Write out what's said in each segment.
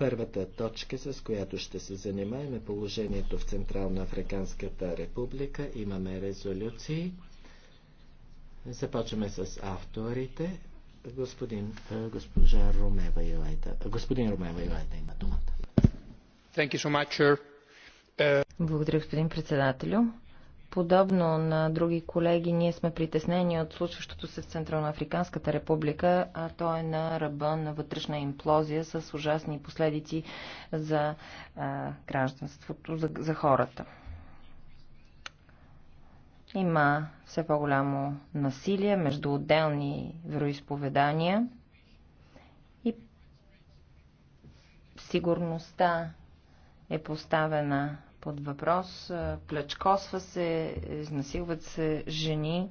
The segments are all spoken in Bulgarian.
Първата точка, с която ще се занимаем е положението в Централно Африканската република. Имаме резолюции. Започваме с авторите. Господин, госпожа Румева Илайта. Господин Румева Илайта има думата. Thank you so much, sir. Uh... Благодаря, господин председателю. Подобно на други колеги, ние сме притеснени от случващото се в Централноафриканската република, а то е на ръба на вътрешна имплозия с ужасни последици за а, гражданството, за, за хората. Има все по-голямо насилие между отделни вероисповедания и сигурността е поставена под въпрос, е, плячкосва се, изнасилват се жени,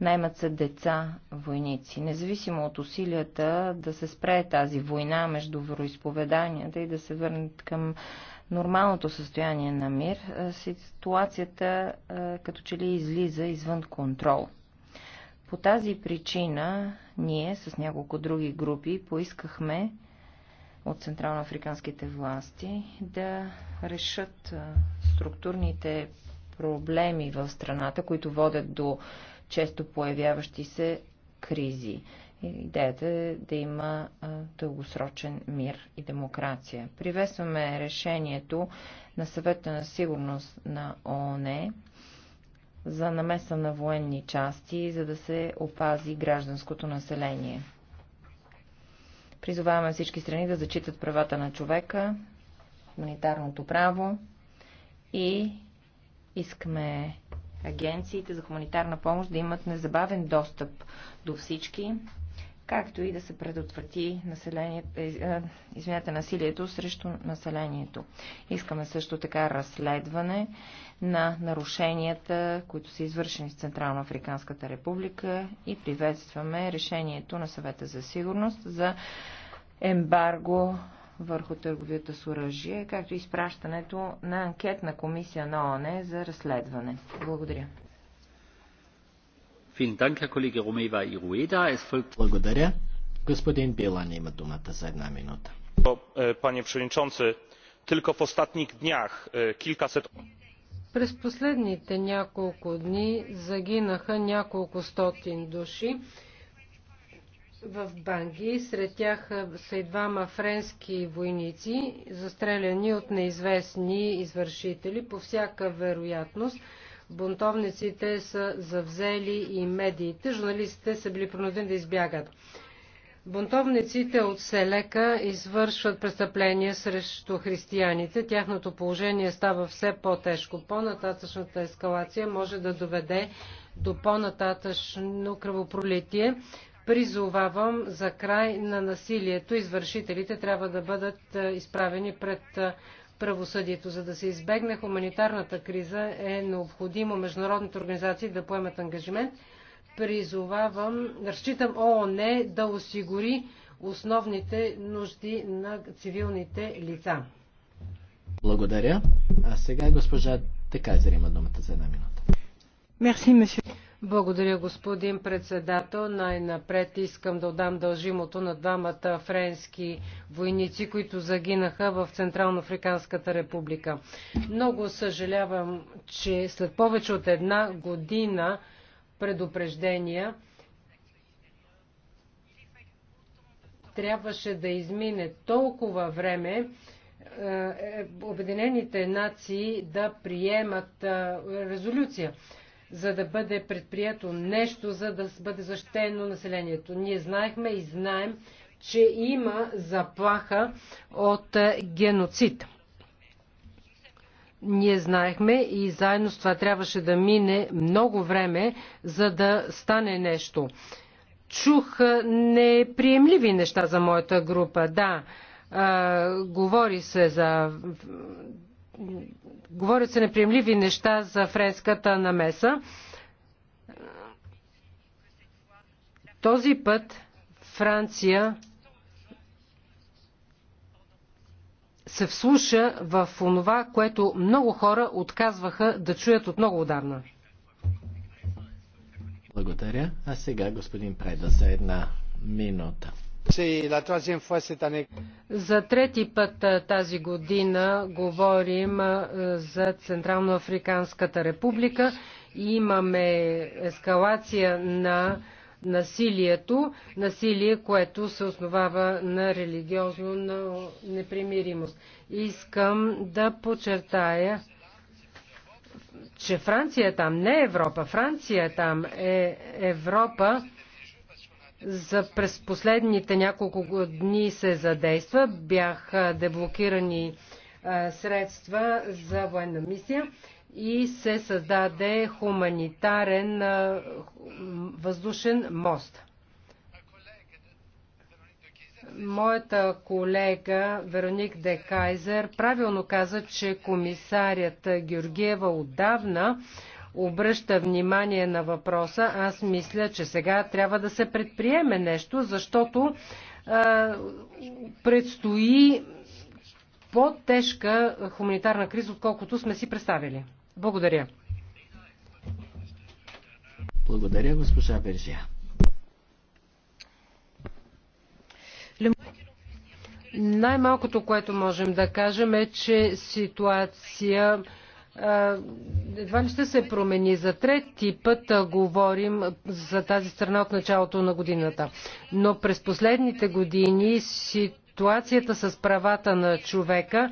наймат се деца войници. Независимо от усилията да се спре тази война между вероисповеданията и да се върнат към нормалното състояние на мир, е, ситуацията е, като че ли излиза извън контрол. По тази причина ние с няколко други групи поискахме от централноафриканските власти да решат структурните проблеми в страната, които водят до често появяващи се кризи. Идеята е да има дългосрочен мир и демокрация. Приветстваме решението на съвета на сигурност на ООН за намеса на военни части, за да се опази гражданското население. Призоваваме всички страни да зачитат правата на човека, хуманитарното право и искаме агенциите за хуманитарна помощ да имат незабавен достъп до всички, както и да се предотврати е, е, извинете, насилието срещу населението. Искаме също така разследване на нарушенията, които са извършени в Централна Африканската република и приветстваме решението на съвета за сигурност за ембарго върху търговията с оръжие, както и изпращането на анкетна комисия на ОНЕ за разследване. Благодаря. Господин има думата за една минута. Panie е, przewodniczący, tylko w ostatnich dniach е, kilkaset... През последните няколко дни загинаха няколко стотин души в Банги. Сред тях е, са и двама френски войници, застреляни от неизвестни извършители, по всяка вероятност – бунтовниците са завзели и медиите. Журналистите са били принудени да избягат. Бунтовниците от Селека извършват престъпления срещу християните. Тяхното положение става все по-тежко. По-нататъчната ескалация може да доведе до по-нататъчно кръвопролитие. Призовавам за край на насилието. Извършителите трябва да бъдат е, изправени пред е, правосъдието. За да се избегне хуманитарната криза е необходимо международните организации да поемат ангажимент. Призовавам, разчитам ООН да осигури основните нужди на цивилните лица. Благодаря. А сега госпожа Текайзер има думата за една минута. Мерси, месье. Благодаря, господин председател. Най-напред искам да отдам дължимото на двамата френски войници, които загинаха в Централно-Африканската република. Много съжалявам, че след повече от една година предупреждения трябваше да измине толкова време, е, е, Обединените нации да приемат е, резолюция за да бъде предприето нещо, за да бъде защитено населението. Ние знаехме и знаем, че има заплаха от е, геноцид. Ние знаехме и заедно с това трябваше да мине много време, за да стане нещо. Чух е, неприемливи неща за моята група. Да, а, е, говори се за говорят се неприемливи неща за френската намеса. Този път Франция се вслуша в онова, което много хора отказваха да чуят от много отдавна. Благодаря. А сега господин Прайда за една минута. За трети път тази година говорим за Централноафриканската република. и Имаме ескалация на насилието, насилие, което се основава на религиозно на непримиримост. Искам да подчертая, че Франция е там, не Европа. Франция е там е Европа за през последните няколко дни се задейства. Бяха деблокирани средства за военна мисия и се създаде хуманитарен въздушен мост. Моята колега Вероник Де Кайзер правилно каза, че комисарят Георгиева отдавна обръща внимание на въпроса, аз мисля, че сега трябва да се предприеме нещо, защото а, предстои по-тежка хуманитарна криза, отколкото сме си представили. Благодаря. Благодаря, госпожа Бержия. Най-малкото, което можем да кажем е, че ситуация едва ли ще се промени. За трети път говорим за тази страна от началото на годината. Но през последните години ситуацията с правата на човека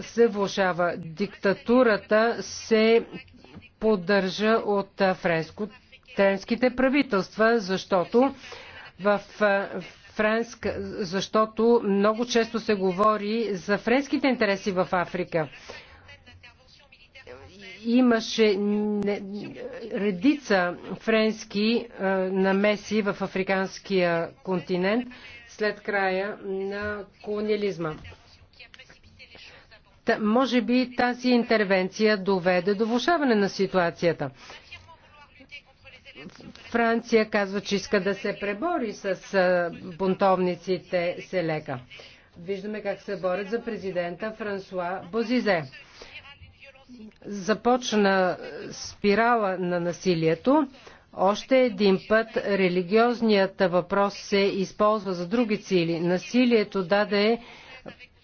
се влушава. Диктатурата се поддържа от френско френските правителства, защото в Франск, защото много често се говори за френските интереси в Африка имаше редица френски е, намеси в африканския континент след края на колониализма. Та, може би тази интервенция доведе до влушаване на ситуацията. Франция казва, че иска да се пребори с е, бунтовниците Селека. Виждаме как се борят за президента Франсуа Бозизе започна спирала на насилието. Още един път религиозният въпрос се използва за други цели. Насилието даде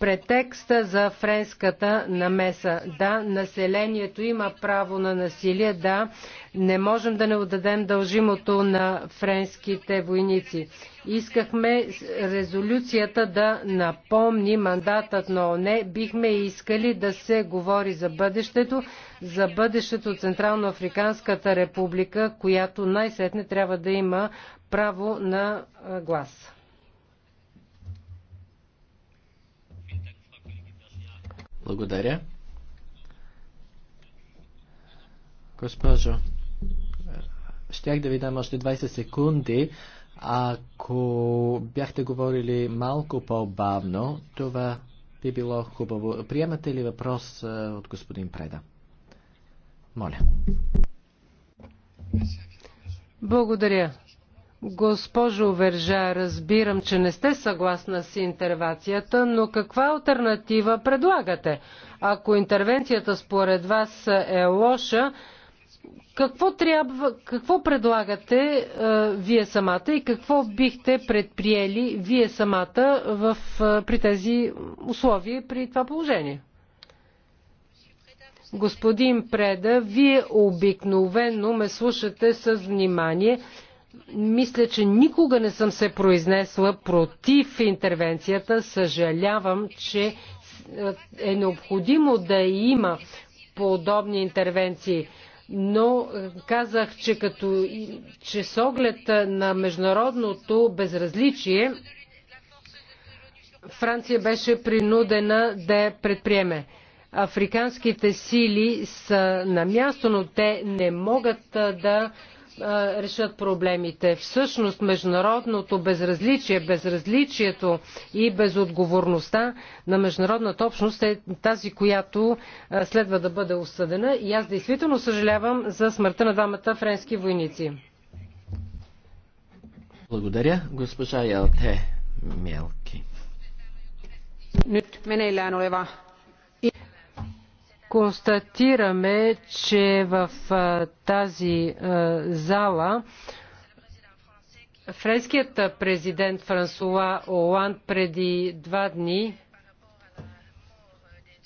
претекста за френската намеса. Да, населението има право на насилие. Да, не можем да не отдадем дължимото на френските войници. Искахме резолюцията да напомни мандатът на ОНЕ. Бихме искали да се говори за бъдещето, за бъдещето Централно-Африканската република, която най-сетне трябва да има право на глас. Благодаря. Госпожо, щях да ви дам още 20 секунди. Ако бяхте говорили малко по-бавно, това би било хубаво. Приемате ли въпрос от господин Преда? Моля. Благодаря. Госпожо Вержа, разбирам, че не сте съгласна с интервацията, но каква альтернатива предлагате? Ако интервенцията според вас е лоша, какво, трябва, какво предлагате е, вие самата и какво бихте предприели вие самата в, е, при тези условия, при това положение? Господин Преда, вие обикновено ме слушате с внимание мисля, че никога не съм се произнесла против интервенцията. Съжалявам, че е, е необходимо да има подобни интервенции. Но е, казах, че, като, че с оглед е, на международното безразличие, Франция беше принудена да предприеме. Африканските сили са на място, но те не могат да решат проблемите. Всъщност международното безразличие, безразличието и безотговорността на международната общност е тази, която следва да бъде осъдена. И аз действително съжалявам за смъртта на двамата френски войници. Благодаря, госпожа Ялте Мелки. Nyt meneillään oleva констатираме, че в тази зала френският президент Франсуа Оланд преди два дни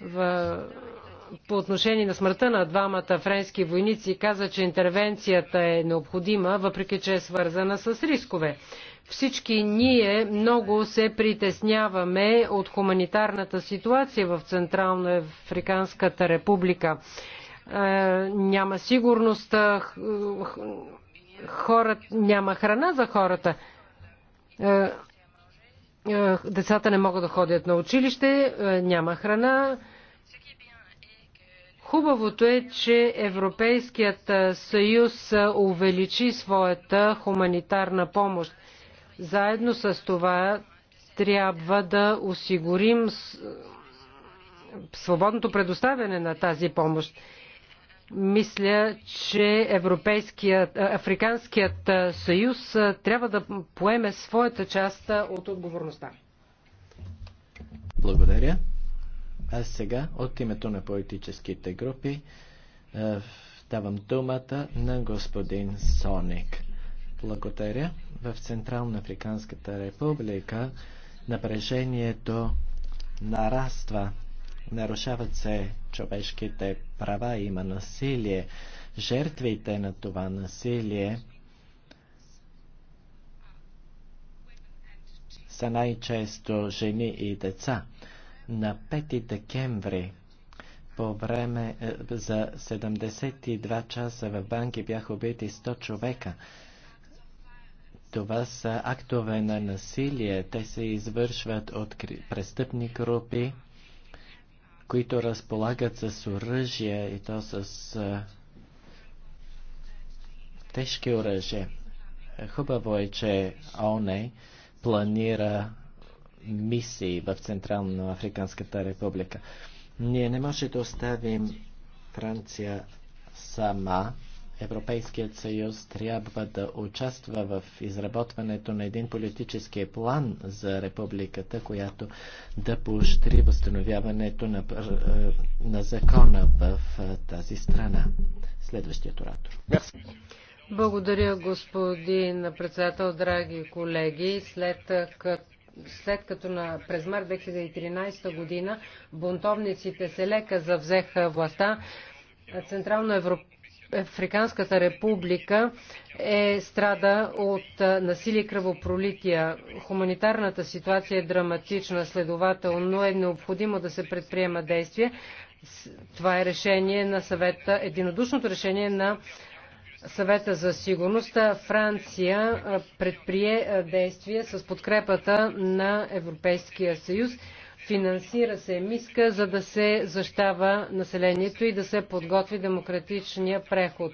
в по отношение на смъртта на двамата френски войници каза, че интервенцията е необходима, въпреки че е свързана с рискове. Всички ние много се притесняваме от хуманитарната ситуация в Централно Африканската република. Е, няма сигурност, е, хора, няма храна за хората е, децата не могат да ходят на училище, няма храна, Хубавото е, че Европейският съюз увеличи своята хуманитарна помощ. Заедно с това трябва да осигурим свободното предоставяне на тази помощ. Мисля, че Европейският, Африканският съюз трябва да поеме своята част от отговорността. Благодаря. Аз сега от името на политическите групи е, давам думата на господин Соник. Благодаря. В Централна Африканската република напрежението нараства. Нарушават се човешките права, има насилие. Жертвите на това насилие са най-често жени и деца. На 5 декември по време е, за 72 часа в банки бяха убити 100 човека. Това са актове на насилие. Те се извършват от престъпни групи, които разполагат с оръжие и то с е, тежки оръжие. Хубаво е, че ОНЕ планира мисии в Централно Африканската република. Ние не може да оставим Франция сама. Европейският съюз трябва да участва в изработването на един политически план за републиката, която да поощри възстановяването на, е, на закона в е, тази страна. Следващият оратор. Благодаря, господин председател, драги колеги. След като след като на, през март 2013 година бунтовниците се лека завзеха властта, Централно Европа Африканската република е страда от насилие и кръвопролития. Хуманитарната ситуация е драматична, следователно е необходимо да се предприема действие. Това е решение на съвета, единодушното решение на съвета за сигурност, Франция предприе действия с подкрепата на Европейския съюз. Финансира се миска, за да се защава населението и да се подготви демократичния преход.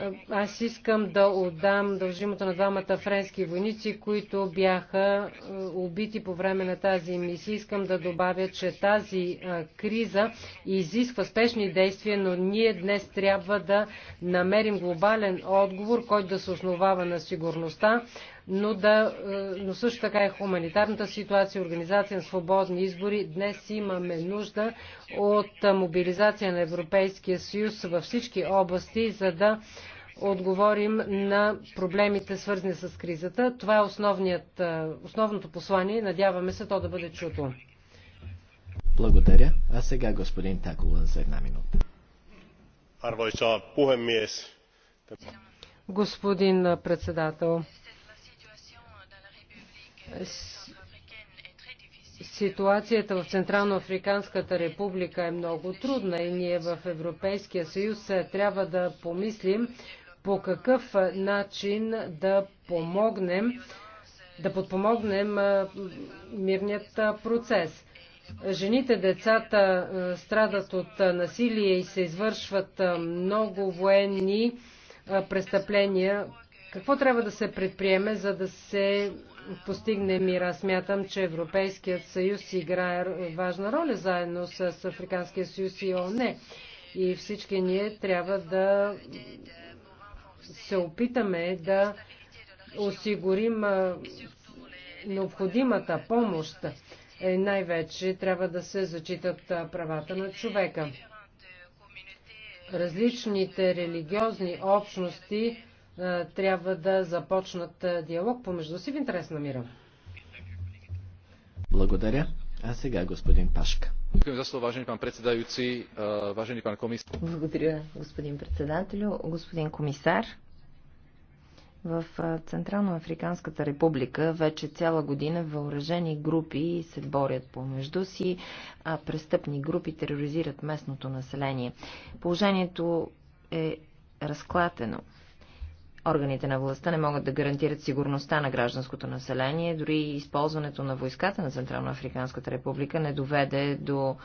Е, аз искам да отдам дължимото на двамата френски войници, които бяха е, убити по време на тази мисия. Искам да добавя, че тази е, криза изисква спешни действия, но ние днес трябва да намерим глобален отговор, който да се основава на сигурността, но, да, е, но също така и е хуманитарната ситуация, организация на свободни избори. Днес имаме нужда от е, мобилизация на Европейския съюз във всички области, за да отговорим на проблемите свързани с кризата. Това е основният, основното послание. Надяваме се то да бъде чуто. Благодаря. А сега господин Такова за една минута. Arvoisa puhemies. Господин председател, Ситуацията в Централноафриканската република е много трудна и ние в Европейския съюз е, трябва да помислим по какъв е, начин да помогнем да подпомогнем е, мирният процес. Жените, децата страдат от насилие и се извършват много военни престъпления. Какво трябва да се предприеме, за да се постигне мира. Смятам, че Европейският съюз играе важна роля заедно с Африканския съюз и ООН. И всички ние трябва да се опитаме да осигурим необходимата помощ. Е, най-вече трябва да се зачитат правата на човека. Различните религиозни общности е, трябва да започнат е, диалог помежду си в интерес на мира. Благодаря. А сега господин Пашка. Е, Благодаря, господин председателю. Господин комисар, в Централно-Африканската република вече цяла година въоръжени групи се борят помежду си, а престъпни групи тероризират местното население. Положението е разклатено. Органите на властта не могат да гарантират сигурността на гражданското население, дори използването на войската на Централноафриканската република не доведе до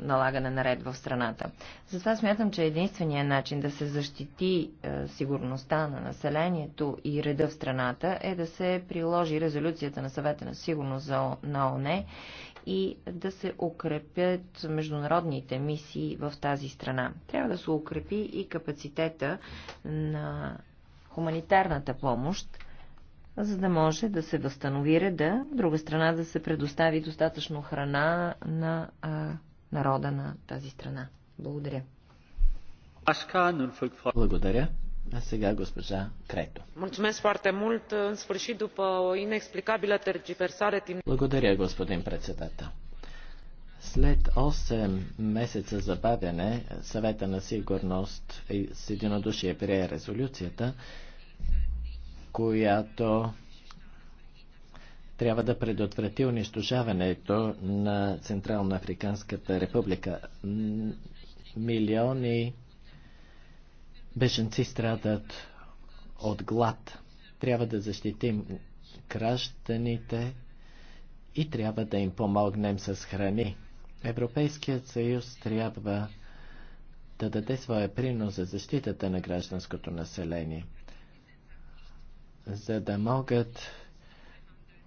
налагане на ред в страната. Затова смятам, че единственият начин да се защити е, сигурността на населението и реда в страната е да се приложи резолюцията на съвета на сигурност на ОНЕ и да се укрепят международните мисии в тази страна. Трябва да се укрепи и капацитета на хуманитарната помощ, за да може да се възстанови реда, друга страна да се предостави достатъчно храна на а, народа на тази страна. Благодаря. Благодаря. А сега госпожа Крето. foarte mult, în sfârșit după inexplicabilă tergiversare timp. Благодаря, господин председател. След 8 месеца забавяне, съвета на сигурност с единодушие прие резолюцията, която трябва да предотврати унищожаването на Централно Африканската република. Милиони беженци страдат от глад. Трябва да защитим гражданите и трябва да им помогнем с храни. Европейският съюз трябва да даде своя принос за защитата на гражданското население, за да могат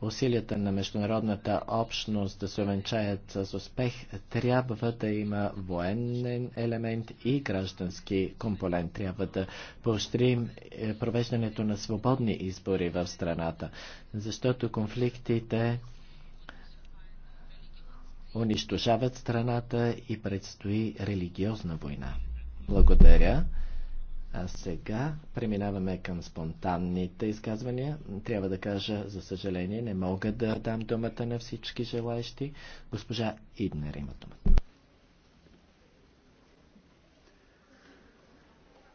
усилията на международната общност да се увенчаят с успех, трябва да има военен елемент и граждански компонент. Трябва да поощрим е, провеждането на свободни избори в страната, защото конфликтите унищожават страната и предстои религиозна война. Благодаря. А сега преминаваме към спонтанните изказвания. Трябва да кажа, за съжаление, не мога да дам думата на всички желаящи. Госпожа Иднер има думата.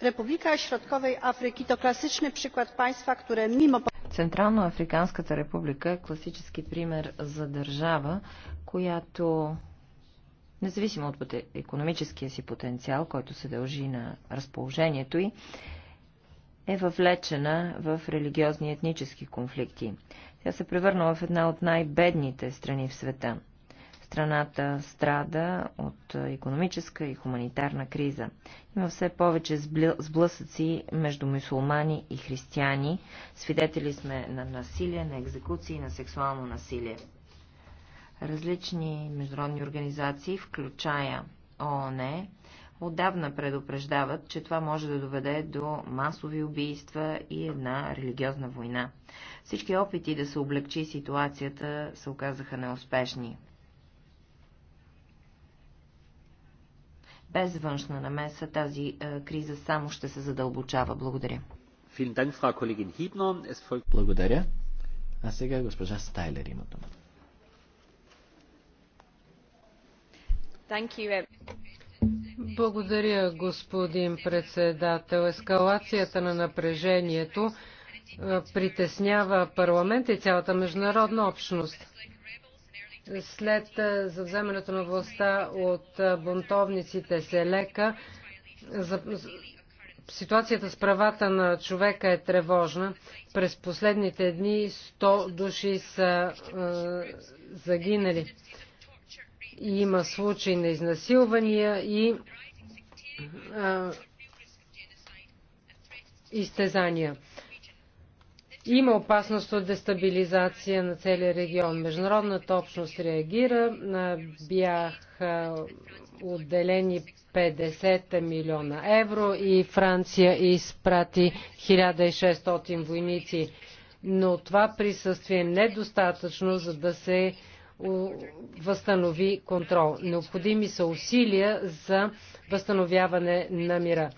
Republika Środkowej Afryki to klasyczny przykład państwa, które mimo Централно Африканската република е класически пример за държава, която независимо от економическия си потенциал, който се дължи на разположението й, е въвлечена в религиозни и етнически конфликти. Тя се превърнала в една от най-бедните страни в света. Страната страда от економическа и хуманитарна криза. Има все повече сблъсъци между мусулмани и християни. Свидетели сме на насилие, на екзекуции и на сексуално насилие. Различни международни организации, включая ООН, отдавна предупреждават, че това може да доведе до масови убийства и една религиозна война. Всички опити да се облегчи ситуацията се оказаха неуспешни. Без външна намеса тази е, криза само ще се задълбочава. Благодаря. Благодаря. А сега госпожа Стайлер има дума. Благодаря, господин председател. Ескалацията на напрежението е, притеснява парламент и цялата международна общност след завземането на властта от бунтовниците Селека, ситуацията с правата на човека е тревожна. През последните дни 100 души са е, загинали. И има случаи на изнасилвания и е, изтезания. Има опасност от дестабилизация на целия регион. Международната общност реагира. Бяха отделени 50 милиона евро и Франция изпрати 1600 войници. Но това присъствие е недостатъчно, за да се възстанови контрол. Необходими са усилия за възстановяване на мира.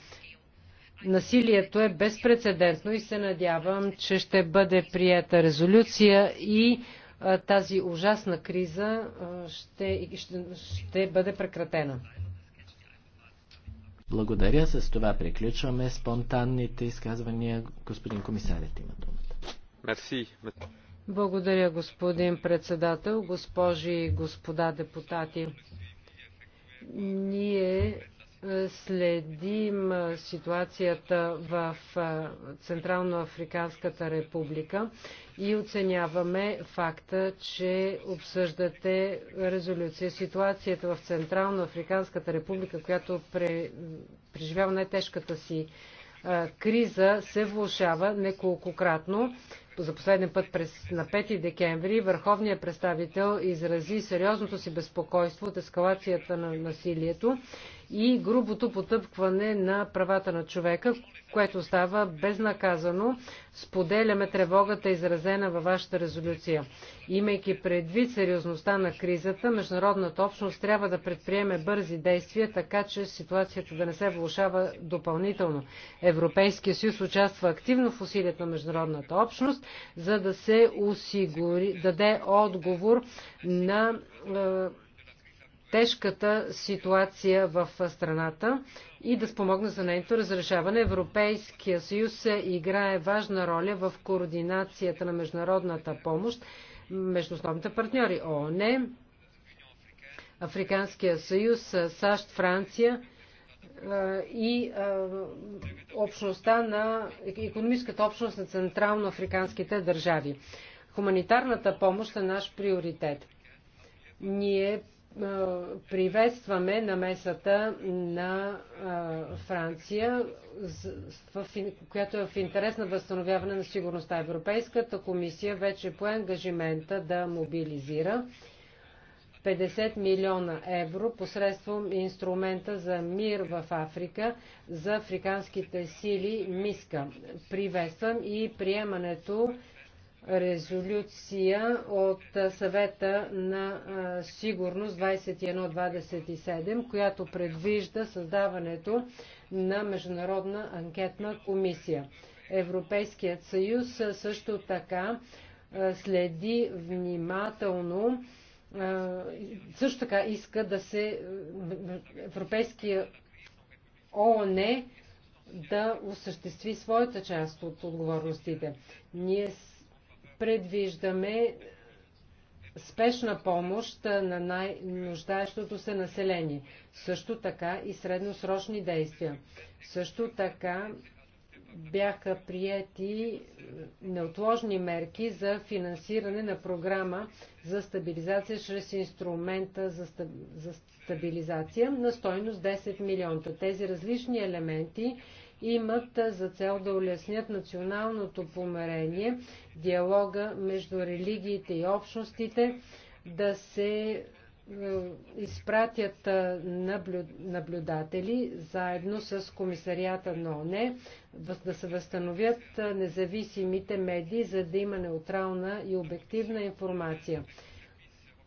Насилието е безпредседентно и се надявам, че ще бъде прията резолюция и тази ужасна криза ще, ще, ще бъде прекратена. Благодаря. С това приключваме спонтанните изказвания. Господин комисарят има думата. Мерси. Благодаря, господин председател, госпожи и господа депутати. Ние следим ситуацията в Централно-Африканската република и оценяваме факта, че обсъждате резолюция. Ситуацията в Централно-Африканската република, която преживява най-тежката си криза, се влушава неколкократно. За последен път през, на 5 декември върховният представител изрази сериозното си безпокойство от ескалацията на насилието и грубото потъпкване на правата на човека, което става безнаказано. Споделяме тревогата, изразена във вашата резолюция. Имайки предвид сериозността на кризата, международната общност трябва да предприеме бързи действия, така че ситуацията да не се влушава допълнително. Европейския съюз участва активно в усилията на международната общност, за да се осигури, даде отговор на е, тежката ситуация в страната и да спомогне за нейното разрешаване. Европейския съюз играе важна роля в координацията на международната помощ между основните партньори ООН, Африканския съюз, САЩ, Франция и общността на економическата общност на централно-африканските държави. Хуманитарната помощ е наш приоритет. Ние приветстваме намесата на Франция, която е в интерес на възстановяване на сигурността. Европейската комисия вече по ангажимента да мобилизира 50 милиона евро посредством инструмента за мир в Африка за африканските сили МИСКА. Приветствам и приемането резолюция от съвета на сигурност 2127, която предвижда създаването на Международна анкетна комисия. Европейският съюз също така следи внимателно също така иска да се Европейския ООН да осъществи своята част от отговорностите. Ние предвиждаме спешна помощ на най-нуждаещото се население. Също така и средносрочни действия. Също така бяха приети неотложни мерки за финансиране на програма за стабилизация чрез инструмента за, стаб... за стабилизация на стойност 10 милиона. Тези различни елементи имат за цел да улеснят националното помирение, диалога между религиите и общностите, да се е, изпратят наблюдатели заедно с комисарията на ОНЕ да се възстановят независимите медии, за да има неутрална и обективна информация.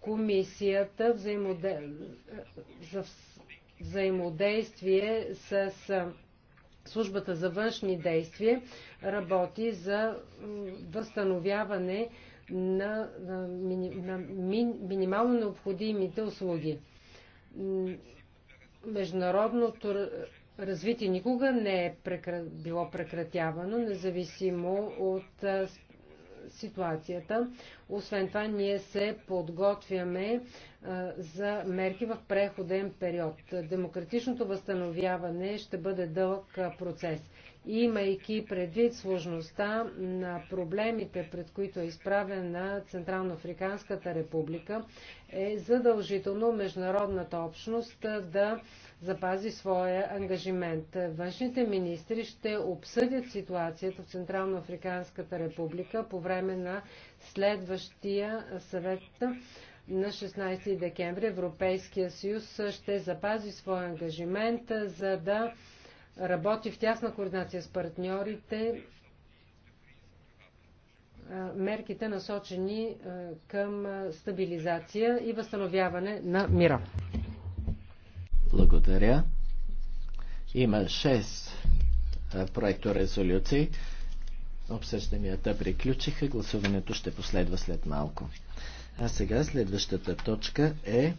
Комисията взаимоде... за взаимодействие с Службата за външни действия работи за възстановяване на, на, на ми, минимално необходимите услуги. Международното развитие никога не е прекра... било прекратявано, независимо от ситуацията. Освен това, ние се подготвяме за мерки в преходен период. Демократичното възстановяване ще бъде дълъг процес имайки предвид сложността на проблемите, пред които е изправена Централноафриканската република, е задължително международната общност да запази своя ангажимент. Външните министри ще обсъдят ситуацията в Централноафриканската република по време на следващия съвет на 16 декември Европейския съюз ще запази своя ангажимент, за да работи в тясна координация с партньорите мерките насочени към стабилизация и възстановяване на мира. Благодаря. Има 6 резолюции. Обсъжданията приключиха. Гласуването ще последва след малко. А сега следващата точка е